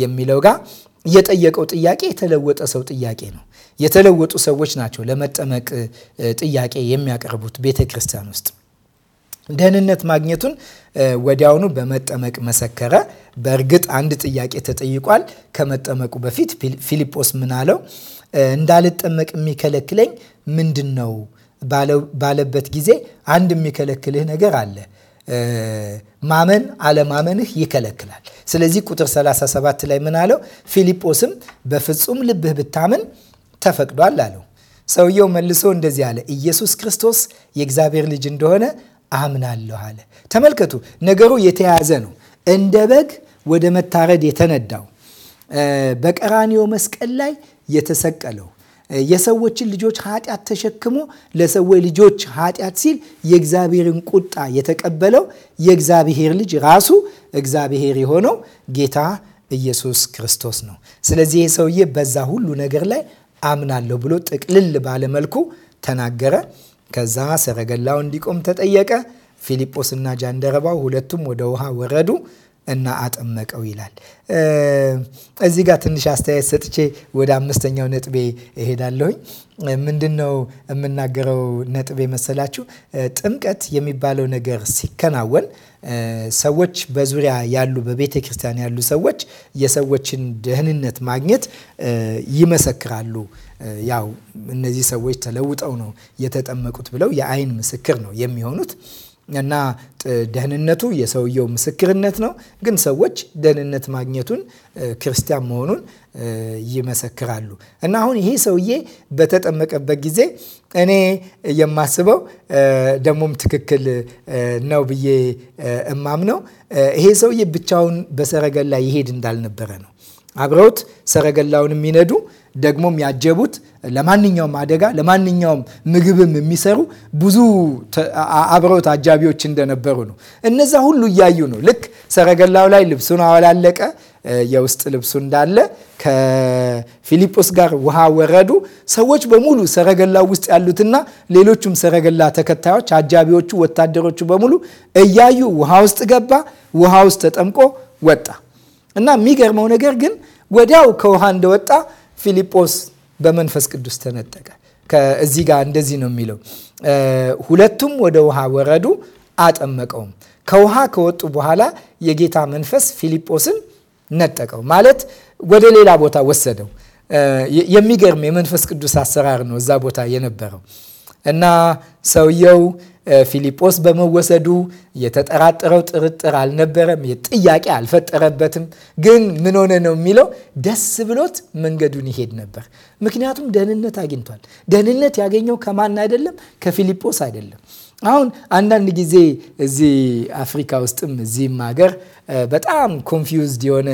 የሚለው ጋር የጠየቀው ጥያቄ የተለወጠ ሰው ጥያቄ ነው። የተለወጡ ሰዎች ናቸው ለመጠመቅ ጥያቄ የሚያቀርቡት ቤተ ክርስቲያን ውስጥ ደህንነት ማግኘቱን ወዲያውኑ በመጠመቅ መሰከረ። በእርግጥ አንድ ጥያቄ ተጠይቋል። ከመጠመቁ በፊት ፊልጶስ ምን አለው? እንዳልጠመቅ የሚከለክለኝ ምንድን ነው ባለበት ጊዜ አንድ የሚከለክልህ ነገር አለ ማመን አለማመንህ ይከለክላል። ስለዚህ ቁጥር 37 ላይ ምን አለው? ፊልጶስም በፍጹም ልብህ ብታምን ተፈቅዷል አለው። ሰውየው መልሶ እንደዚህ አለ፣ ኢየሱስ ክርስቶስ የእግዚአብሔር ልጅ እንደሆነ አምናለሁ አለ። ተመልከቱ፣ ነገሩ የተያያዘ ነው። እንደ በግ ወደ መታረድ የተነዳው በቀራኒዮ መስቀል ላይ የተሰቀለው የሰዎችን ልጆች ኃጢአት ተሸክሞ ለሰዎች ልጆች ኃጢአት ሲል የእግዚአብሔርን ቁጣ የተቀበለው የእግዚአብሔር ልጅ ራሱ እግዚአብሔር የሆነው ጌታ ኢየሱስ ክርስቶስ ነው። ስለዚህ ይህ ሰውዬ በዛ ሁሉ ነገር ላይ አምናለሁ ብሎ ጥቅልል ባለ መልኩ ተናገረ። ከዛ ሰረገላው እንዲቆም ተጠየቀ። ፊልጶስና ጃንደረባው ሁለቱም ወደ ውሃ ወረዱ። እና አጠመቀው ይላል። እዚህ ጋር ትንሽ አስተያየት ሰጥቼ ወደ አምስተኛው ነጥቤ እሄዳለሁኝ። ምንድን ነው የምናገረው ነጥቤ መሰላችሁ? ጥምቀት የሚባለው ነገር ሲከናወን ሰዎች በዙሪያ ያሉ በቤተ ክርስቲያን ያሉ ሰዎች የሰዎችን ደህንነት ማግኘት ይመሰክራሉ። ያው እነዚህ ሰዎች ተለውጠው ነው የተጠመቁት ብለው የአይን ምስክር ነው የሚሆኑት እና ደህንነቱ የሰውየው ምስክርነት ነው። ግን ሰዎች ደህንነት ማግኘቱን ክርስቲያን መሆኑን ይመሰክራሉ። እና አሁን ይሄ ሰውዬ በተጠመቀበት ጊዜ እኔ የማስበው ደግሞም ትክክል ነው ብዬ እማምነው ይሄ ሰውዬ ብቻውን በሰረገላ ይሄድ እንዳልነበረ ነው። አብረውት ሰረገላውን የሚነዱ ደግሞም ያጀቡት ለማንኛውም አደጋ ለማንኛውም ምግብም የሚሰሩ ብዙ አብረውት አጃቢዎች እንደነበሩ ነው። እነዛ ሁሉ እያዩ ነው። ልክ ሰረገላው ላይ ልብሱን አወላለቀ፣ የውስጥ ልብሱ እንዳለ ከፊልጶስ ጋር ውሃ ወረዱ። ሰዎች በሙሉ ሰረገላው ውስጥ ያሉትና ሌሎቹም ሰረገላ ተከታዮች፣ አጃቢዎቹ፣ ወታደሮቹ በሙሉ እያዩ ውሃ ውስጥ ገባ፣ ውሃ ውስጥ ተጠምቆ ወጣ እና የሚገርመው ነገር ግን ወዲያው ከውሃ እንደወጣ ፊልጶስ በመንፈስ ቅዱስ ተነጠቀ። ከዚህ ጋር እንደዚህ ነው የሚለው፣ ሁለቱም ወደ ውሃ ወረዱ አጠመቀውም። ከውሃ ከወጡ በኋላ የጌታ መንፈስ ፊልጶስን ነጠቀው፣ ማለት ወደ ሌላ ቦታ ወሰደው። የሚገርም የመንፈስ ቅዱስ አሰራር ነው እዛ ቦታ የነበረው እና ሰውየው ፊልጶስ በመወሰዱ የተጠራጠረው ጥርጥር አልነበረም። ጥያቄ አልፈጠረበትም። ግን ምን ሆነ ነው የሚለው ደስ ብሎት መንገዱን ይሄድ ነበር። ምክንያቱም ደህንነት አግኝቷል። ደህንነት ያገኘው ከማን አይደለም? ከፊልጶስ አይደለም። አሁን አንዳንድ ጊዜ እዚህ አፍሪካ ውስጥም እዚህም ሀገር በጣም ኮንፊውዝድ የሆነ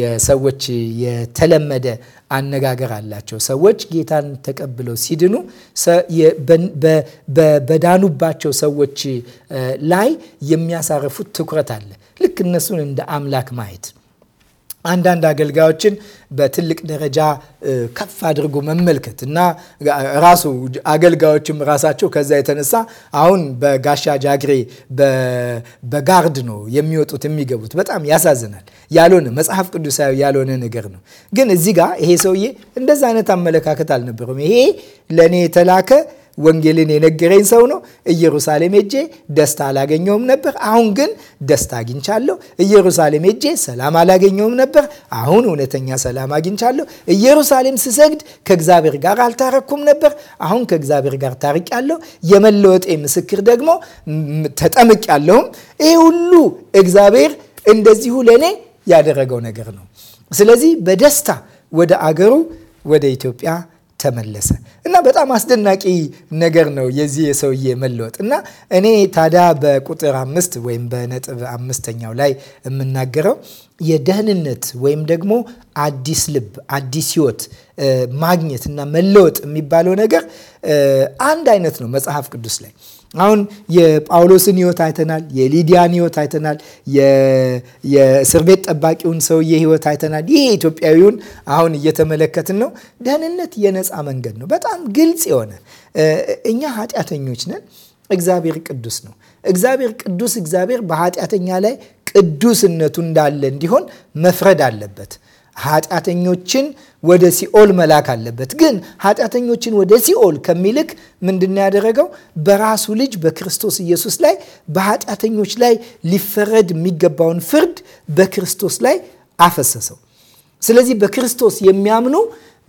የሰዎች የተለመደ አነጋገር አላቸው። ሰዎች ጌታን ተቀብለው ሲድኑ በዳኑባቸው ሰዎች ላይ የሚያሳርፉት ትኩረት አለ። ልክ እነሱን እንደ አምላክ ማየት አንዳንድ አገልጋዮችን በትልቅ ደረጃ ከፍ አድርጎ መመልከት እና ራሱ አገልጋዮችም ራሳቸው ከዛ የተነሳ አሁን በጋሻ ጃግሬ በጋርድ ነው የሚወጡት የሚገቡት። በጣም ያሳዝናል። ያልሆነ መጽሐፍ ቅዱሳዊ ያልሆነ ነገር ነው። ግን እዚህ ጋር ይሄ ሰውዬ እንደዛ አይነት አመለካከት አልነበረም። ይሄ ለእኔ የተላከ ወንጌልን የነገረኝ ሰው ነው። ኢየሩሳሌም ሄጄ ደስታ አላገኘውም ነበር፣ አሁን ግን ደስታ አግኝቻለሁ። ኢየሩሳሌም ሄጄ ሰላም አላገኘውም ነበር፣ አሁን እውነተኛ ሰላም አግኝቻለሁ። ኢየሩሳሌም ስሰግድ ከእግዚአብሔር ጋር አልታረኩም ነበር፣ አሁን ከእግዚአብሔር ጋር ታርቂያለሁ። የመለወጤ ምስክር ደግሞ ተጠምቂያለሁም። ይህ ሁሉ እግዚአብሔር እንደዚሁ ለእኔ ያደረገው ነገር ነው። ስለዚህ በደስታ ወደ አገሩ ወደ ኢትዮጵያ ተመለሰ እና በጣም አስደናቂ ነገር ነው የዚህ የሰውዬ መለወጥ። እና እኔ ታዲያ በቁጥር አምስት ወይም በነጥብ አምስተኛው ላይ የምናገረው የደህንነት ወይም ደግሞ አዲስ ልብ አዲስ ህይወት ማግኘት እና መለወጥ የሚባለው ነገር አንድ አይነት ነው መጽሐፍ ቅዱስ ላይ አሁን የጳውሎስን ህይወት አይተናል። የሊዲያን ህይወት አይተናል። የእስር ቤት ጠባቂውን ሰውዬ ህይወት አይተናል። ይህ ኢትዮጵያዊውን አሁን እየተመለከትን ነው። ደህንነት የነፃ መንገድ ነው። በጣም ግልጽ የሆነ እኛ ኃጢአተኞች ነን። እግዚአብሔር ቅዱስ ነው። እግዚአብሔር ቅዱስ እግዚአብሔር በኃጢአተኛ ላይ ቅዱስነቱ እንዳለ እንዲሆን መፍረድ አለበት። ኃጢአተኞችን ወደ ሲኦል መላክ አለበት። ግን ኃጢአተኞችን ወደ ሲኦል ከሚልክ ምንድን ያደረገው በራሱ ልጅ በክርስቶስ ኢየሱስ ላይ በኃጢአተኞች ላይ ሊፈረድ የሚገባውን ፍርድ በክርስቶስ ላይ አፈሰሰው። ስለዚህ በክርስቶስ የሚያምኑ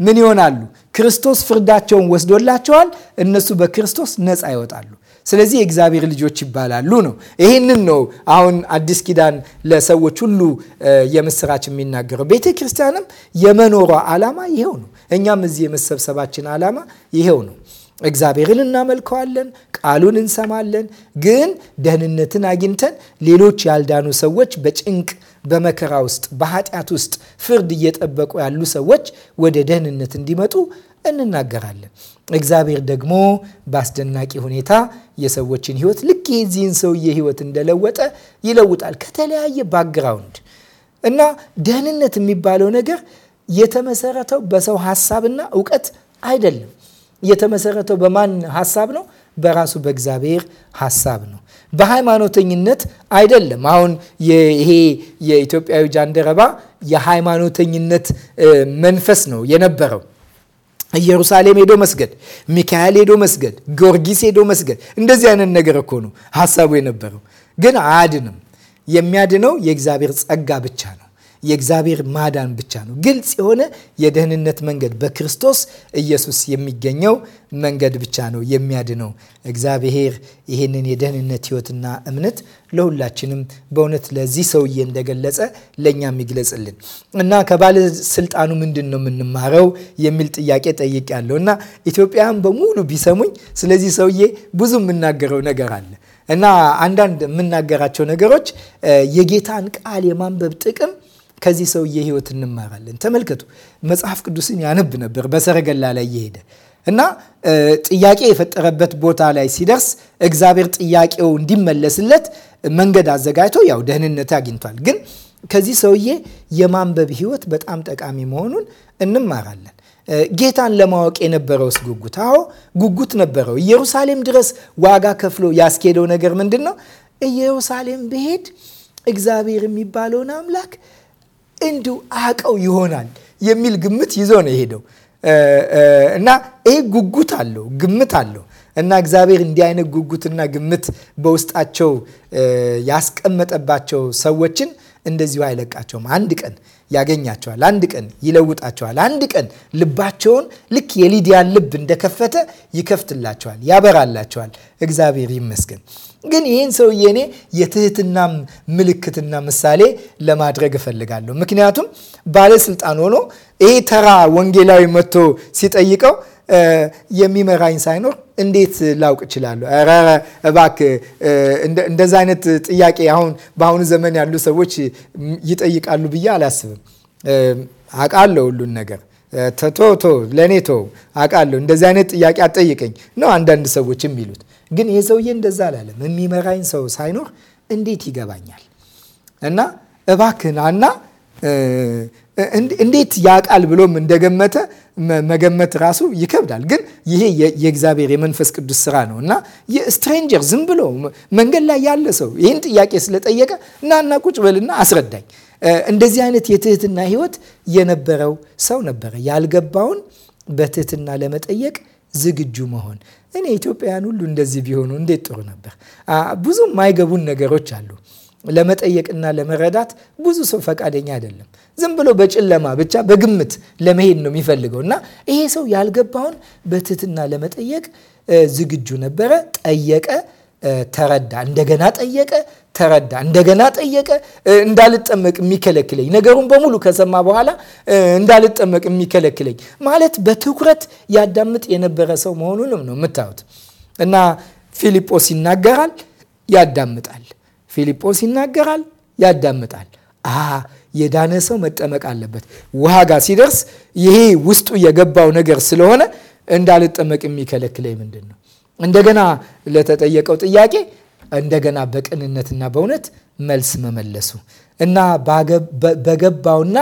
ምን ይሆናሉ? ክርስቶስ ፍርዳቸውን ወስዶላቸዋል። እነሱ በክርስቶስ ነፃ ይወጣሉ። ስለዚህ የእግዚአብሔር ልጆች ይባላሉ ነው። ይህንን ነው አሁን አዲስ ኪዳን ለሰዎች ሁሉ የምስራች የሚናገረው። ቤተ ክርስቲያንም የመኖሯ ዓላማ ይሄው ነው። እኛም እዚህ የመሰብሰባችን ዓላማ ይሄው ነው። እግዚአብሔርን እናመልከዋለን፣ ቃሉን እንሰማለን። ግን ደህንነትን አግኝተን ሌሎች ያልዳኑ ሰዎች በጭንቅ በመከራ ውስጥ በኃጢአት ውስጥ ፍርድ እየጠበቁ ያሉ ሰዎች ወደ ደህንነት እንዲመጡ እንናገራለን። እግዚአብሔር ደግሞ በአስደናቂ ሁኔታ የሰዎችን ህይወት ልክ የዚህን ሰውዬ ህይወት እንደለወጠ ይለውጣል ከተለያየ ባክግራውንድ እና ደህንነት የሚባለው ነገር የተመሰረተው በሰው ሀሳብና እውቀት አይደለም። የተመሰረተው በማን ሀሳብ ነው? በራሱ በእግዚአብሔር ሀሳብ ነው። በሃይማኖተኝነት አይደለም። አሁን ይሄ የኢትዮጵያዊ ጃንደረባ የሃይማኖተኝነት መንፈስ ነው የነበረው ኢየሩሳሌም ሄዶ መስገድ፣ ሚካኤል ሄዶ መስገድ፣ ጊዮርጊስ ሄዶ መስገድ። እንደዚህ አይነት ነገር እኮ ነው ሀሳቡ የነበረው። ግን አያድንም። የሚያድነው የእግዚአብሔር ጸጋ ብቻ ነው። የእግዚአብሔር ማዳን ብቻ ነው። ግልጽ የሆነ የደህንነት መንገድ በክርስቶስ ኢየሱስ የሚገኘው መንገድ ብቻ ነው የሚያድነው። እግዚአብሔር ይህንን የደህንነት ህይወትና እምነት ለሁላችንም በእውነት ለዚህ ሰውዬ እንደገለጸ ለእኛም ይግለጽልን እና ከባለስልጣኑ ምንድን ነው የምንማረው የሚል ጥያቄ ጠይቅ ያለው እና ኢትዮጵያን በሙሉ ቢሰሙኝ ስለዚህ ሰውዬ ብዙ የምናገረው ነገር አለ እና አንዳንድ የምናገራቸው ነገሮች የጌታን ቃል የማንበብ ጥቅም ከዚህ ሰውዬ ህይወት እንማራለን። ተመልከቱ፣ መጽሐፍ ቅዱስን ያነብ ነበር በሰረገላ ላይ እየሄደ እና ጥያቄ የፈጠረበት ቦታ ላይ ሲደርስ እግዚአብሔር ጥያቄው እንዲመለስለት መንገድ አዘጋጅቶ ያው ደህንነት አግኝቷል። ግን ከዚህ ሰውዬ የማንበብ ህይወት በጣም ጠቃሚ መሆኑን እንማራለን። ጌታን ለማወቅ የነበረውስ ጉጉት? አዎ ጉጉት ነበረው። ኢየሩሳሌም ድረስ ዋጋ ከፍሎ ያስኬደው ነገር ምንድን ነው? ኢየሩሳሌም ብሄድ እግዚአብሔር የሚባለውን አምላክ እንዲሁ አቀው ይሆናል የሚል ግምት ይዞ ነው የሄደው እና ይሄ ጉጉት አለው ግምት አለው እና እግዚአብሔር እንዲህ አይነት ጉጉትና ግምት በውስጣቸው ያስቀመጠባቸው ሰዎችን እንደዚሁ አይለቃቸውም። አንድ ቀን ያገኛቸዋል። አንድ ቀን ይለውጣቸዋል። አንድ ቀን ልባቸውን ልክ የሊዲያን ልብ እንደከፈተ ይከፍትላቸዋል፣ ያበራላቸዋል። እግዚአብሔር ይመስገን። ግን ይህን ሰውዬ እኔ የትህትና ምልክትና ምሳሌ ለማድረግ እፈልጋለሁ። ምክንያቱም ባለስልጣን ሆኖ ይሄ ተራ ወንጌላዊ መጥቶ ሲጠይቀው የሚመራኝ ሳይኖር እንዴት ላውቅ እችላለሁ? ኧረ እባክህ እንደዛ አይነት ጥያቄ አሁን በአሁኑ ዘመን ያሉ ሰዎች ይጠይቃሉ ብዬ አላስብም። አውቃለሁ ሁሉን ነገር ተቶቶ ለኔቶ አውቃለሁ። እንደዚህ አይነት ጥያቄ አጠይቀኝ ነው አንዳንድ ሰዎች የሚሉት። ግን ይህ ሰውዬ እንደዛ አላለም። የሚመራኝ ሰው ሳይኖር እንዴት ይገባኛል? እና እባክናና እንዴት ያቃል ብሎም እንደገመተ መገመት ራሱ ይከብዳል። ግን ይሄ የእግዚአብሔር የመንፈስ ቅዱስ ስራ ነው እና ስትሬንጀር ዝም ብሎ መንገድ ላይ ያለ ሰው ይህን ጥያቄ ስለጠየቀ እናና ቁጭ በልና አስረዳኝ እንደዚህ አይነት የትህትና ህይወት የነበረው ሰው ነበረ። ያልገባውን በትህትና ለመጠየቅ ዝግጁ መሆን። እኔ ኢትዮጵያውያን ሁሉ እንደዚህ ቢሆኑ እንዴት ጥሩ ነበር። ብዙ የማይገቡን ነገሮች አሉ። ለመጠየቅና ለመረዳት ብዙ ሰው ፈቃደኛ አይደለም። ዝም ብሎ በጨለማ ብቻ በግምት ለመሄድ ነው የሚፈልገው እና ይሄ ሰው ያልገባውን በትህትና ለመጠየቅ ዝግጁ ነበረ። ጠየቀ። ተረዳ። እንደገና ጠየቀ፣ ተረዳ። እንደገና ጠየቀ። እንዳልጠመቅ የሚከለክለኝ ነገሩን በሙሉ ከሰማ በኋላ እንዳልጠመቅ የሚከለክለኝ ማለት በትኩረት ያዳምጥ የነበረ ሰው መሆኑንም ነው የምታዩት። እና ፊልጶስ ይናገራል፣ ያዳምጣል። ፊልጶስ ይናገራል፣ ያዳምጣል። አሃ የዳነ ሰው መጠመቅ አለበት። ውሃ ጋር ሲደርስ ይሄ ውስጡ የገባው ነገር ስለሆነ እንዳልጠመቅ የሚከለክለኝ ምንድን ነው? እንደገና ለተጠየቀው ጥያቄ እንደገና በቅንነትና በእውነት መልስ መመለሱ እና በገባውና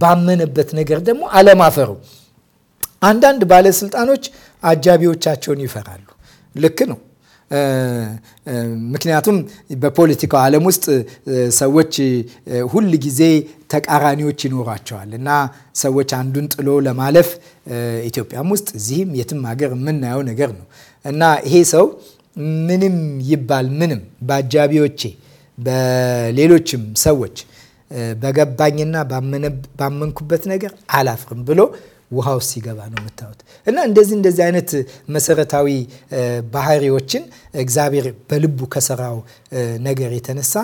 ባመነበት ነገር ደግሞ አለማፈሩ። አንዳንድ ባለስልጣኖች አጃቢዎቻቸውን ይፈራሉ። ልክ ነው። ምክንያቱም በፖለቲካው ዓለም ውስጥ ሰዎች ሁል ጊዜ ተቃራኒዎች ይኖሯቸዋል እና ሰዎች አንዱን ጥሎ ለማለፍ ኢትዮጵያም ውስጥ እዚህም የትም ሀገር የምናየው ነገር ነው። እና ይሄ ሰው ምንም ይባል ምንም በአጃቢዎቼ በሌሎችም ሰዎች በገባኝና ባመንኩበት ነገር አላፍርም ብሎ ውሃ ውስጥ ሲገባ ነው የምታዩት። እና እንደዚህ እንደዚህ አይነት መሰረታዊ ባህሪዎችን እግዚአብሔር በልቡ ከሰራው ነገር የተነሳ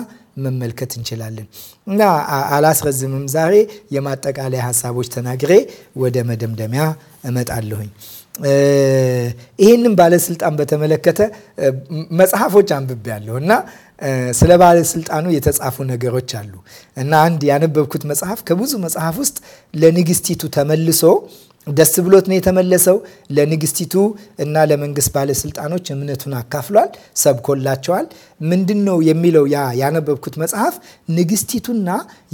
መመልከት እንችላለን እና አላስረዝምም። ዛሬ የማጠቃለያ ሀሳቦች ተናግሬ ወደ መደምደሚያ እመጣለሁኝ። ይህንም ባለስልጣን በተመለከተ መጽሐፎች አንብቤያለሁ እና ስለ ባለስልጣኑ የተጻፉ ነገሮች አሉ እና አንድ ያነበብኩት መጽሐፍ ከብዙ መጽሐፍ ውስጥ ለንግስቲቱ ተመልሶ ደስ ብሎት ነው የተመለሰው። ለንግስቲቱ እና ለመንግስት ባለስልጣኖች እምነቱን አካፍሏል፣ ሰብኮላቸዋል። ምንድን ነው የሚለው ያ ያነበብኩት መጽሐፍ ንግስቲቱና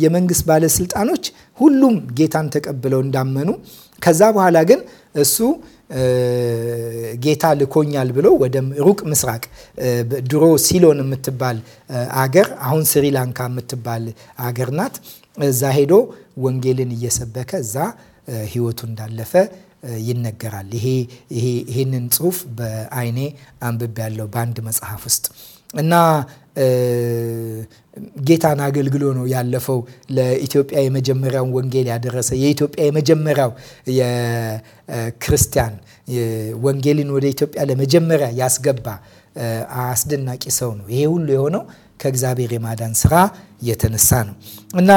የመንግስት ባለስልጣኖች ሁሉም ጌታን ተቀብለው እንዳመኑ ከዛ በኋላ ግን እሱ ጌታ ልኮኛል ብሎ ወደ ሩቅ ምስራቅ ድሮ ሲሎን የምትባል አገር አሁን ስሪላንካ የምትባል አገር ናት። እዛ ሄዶ ወንጌልን እየሰበከ እዛ ህይወቱ እንዳለፈ ይነገራል። ይሄ ይህንን ጽሁፍ በአይኔ አንብቤ ያለው በአንድ መጽሐፍ ውስጥ እና ጌታን አገልግሎ ነው ያለፈው። ለኢትዮጵያ የመጀመሪያውን ወንጌል ያደረሰ የኢትዮጵያ የመጀመሪያው የክርስቲያን ወንጌልን ወደ ኢትዮጵያ ለመጀመሪያ ያስገባ አስደናቂ ሰው ነው። ይሄ ሁሉ የሆነው ከእግዚአብሔር የማዳን ስራ የተነሳ ነው እና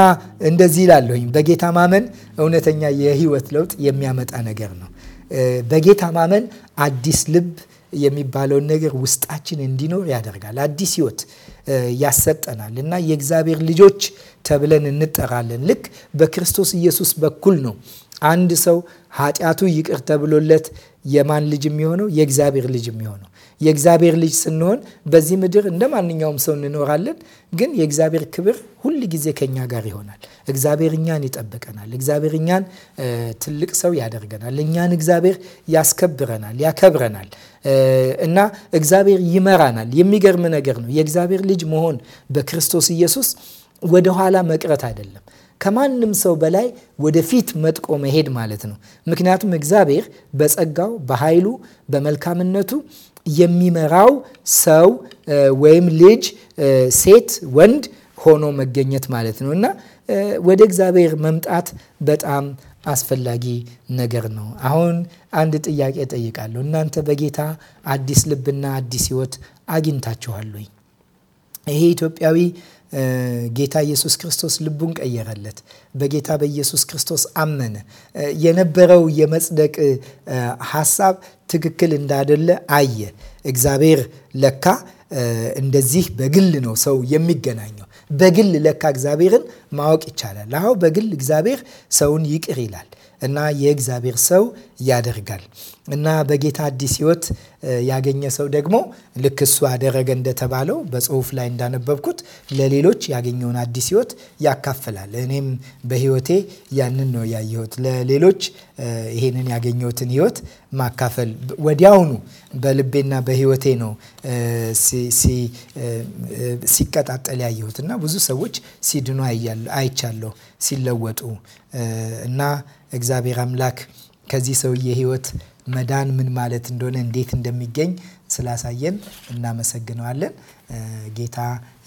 እንደዚህ ይላለሁኝ በጌታ ማመን እውነተኛ የህይወት ለውጥ የሚያመጣ ነገር ነው። በጌታ ማመን አዲስ ልብ የሚባለውን ነገር ውስጣችን እንዲኖር ያደርጋል። አዲስ ህይወት ያሰጠናል እና የእግዚአብሔር ልጆች ተብለን እንጠራለን። ልክ በክርስቶስ ኢየሱስ በኩል ነው አንድ ሰው ኃጢአቱ ይቅር ተብሎለት የማን ልጅ የሚሆነው? የእግዚአብሔር ልጅ የሚሆነው የእግዚአብሔር ልጅ ስንሆን በዚህ ምድር እንደ ማንኛውም ሰው እንኖራለን። ግን የእግዚአብሔር ክብር ሁል ጊዜ ከኛ ጋር ይሆናል። እግዚአብሔር እኛን ይጠብቀናል። እግዚአብሔር እኛን ትልቅ ሰው ያደርገናል። እኛን እግዚአብሔር ያስከብረናል፣ ያከብረናል እና እግዚአብሔር ይመራናል። የሚገርም ነገር ነው። የእግዚአብሔር ልጅ መሆን በክርስቶስ ኢየሱስ ወደኋላ መቅረት አይደለም ከማንም ሰው በላይ ወደፊት መጥቆ መሄድ ማለት ነው። ምክንያቱም እግዚአብሔር በጸጋው፣ በኃይሉ፣ በመልካምነቱ የሚመራው ሰው ወይም ልጅ ሴት፣ ወንድ ሆኖ መገኘት ማለት ነው እና ወደ እግዚአብሔር መምጣት በጣም አስፈላጊ ነገር ነው። አሁን አንድ ጥያቄ ጠይቃለሁ። እናንተ በጌታ አዲስ ልብና አዲስ ህይወት አግኝታችኋሉኝ? ወይ? ይሄ ኢትዮጵያዊ ጌታ ኢየሱስ ክርስቶስ ልቡን ቀየረለት። በጌታ በኢየሱስ ክርስቶስ አመነ። የነበረው የመጽደቅ ሀሳብ ትክክል እንዳደለ አየ። እግዚአብሔር ለካ እንደዚህ በግል ነው ሰው የሚገናኘው። በግል ለካ እግዚአብሔርን ማወቅ ይቻላል። አዎ በግል እግዚአብሔር ሰውን ይቅር ይላል። እና የእግዚአብሔር ሰው ያደርጋል እና በጌታ አዲስ ህይወት ያገኘ ሰው ደግሞ ልክ እሱ አደረገ እንደተባለው በጽሁፍ ላይ እንዳነበብኩት ለሌሎች ያገኘውን አዲስ ህይወት ያካፍላል። እኔም በህይወቴ ያንን ነው ያየሁት። ለሌሎች ይሄንን ያገኘሁትን ህይወት ማካፈል ወዲያውኑ በልቤና በህይወቴ ነው ሲቀጣጠል ያየሁት እና ብዙ ሰዎች ሲድኑ አይቻለሁ ሲለወጡ እና እግዚአብሔር አምላክ ከዚህ ሰውዬ ህይወት መዳን ምን ማለት እንደሆነ እንዴት እንደሚገኝ ስላሳየን እናመሰግነዋለን። ጌታ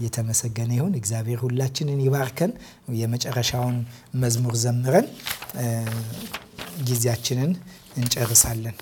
የተመሰገነ ይሁን። እግዚአብሔር ሁላችንን ይባርከን። የመጨረሻውን መዝሙር ዘምረን ጊዜያችንን እንጨርሳለን።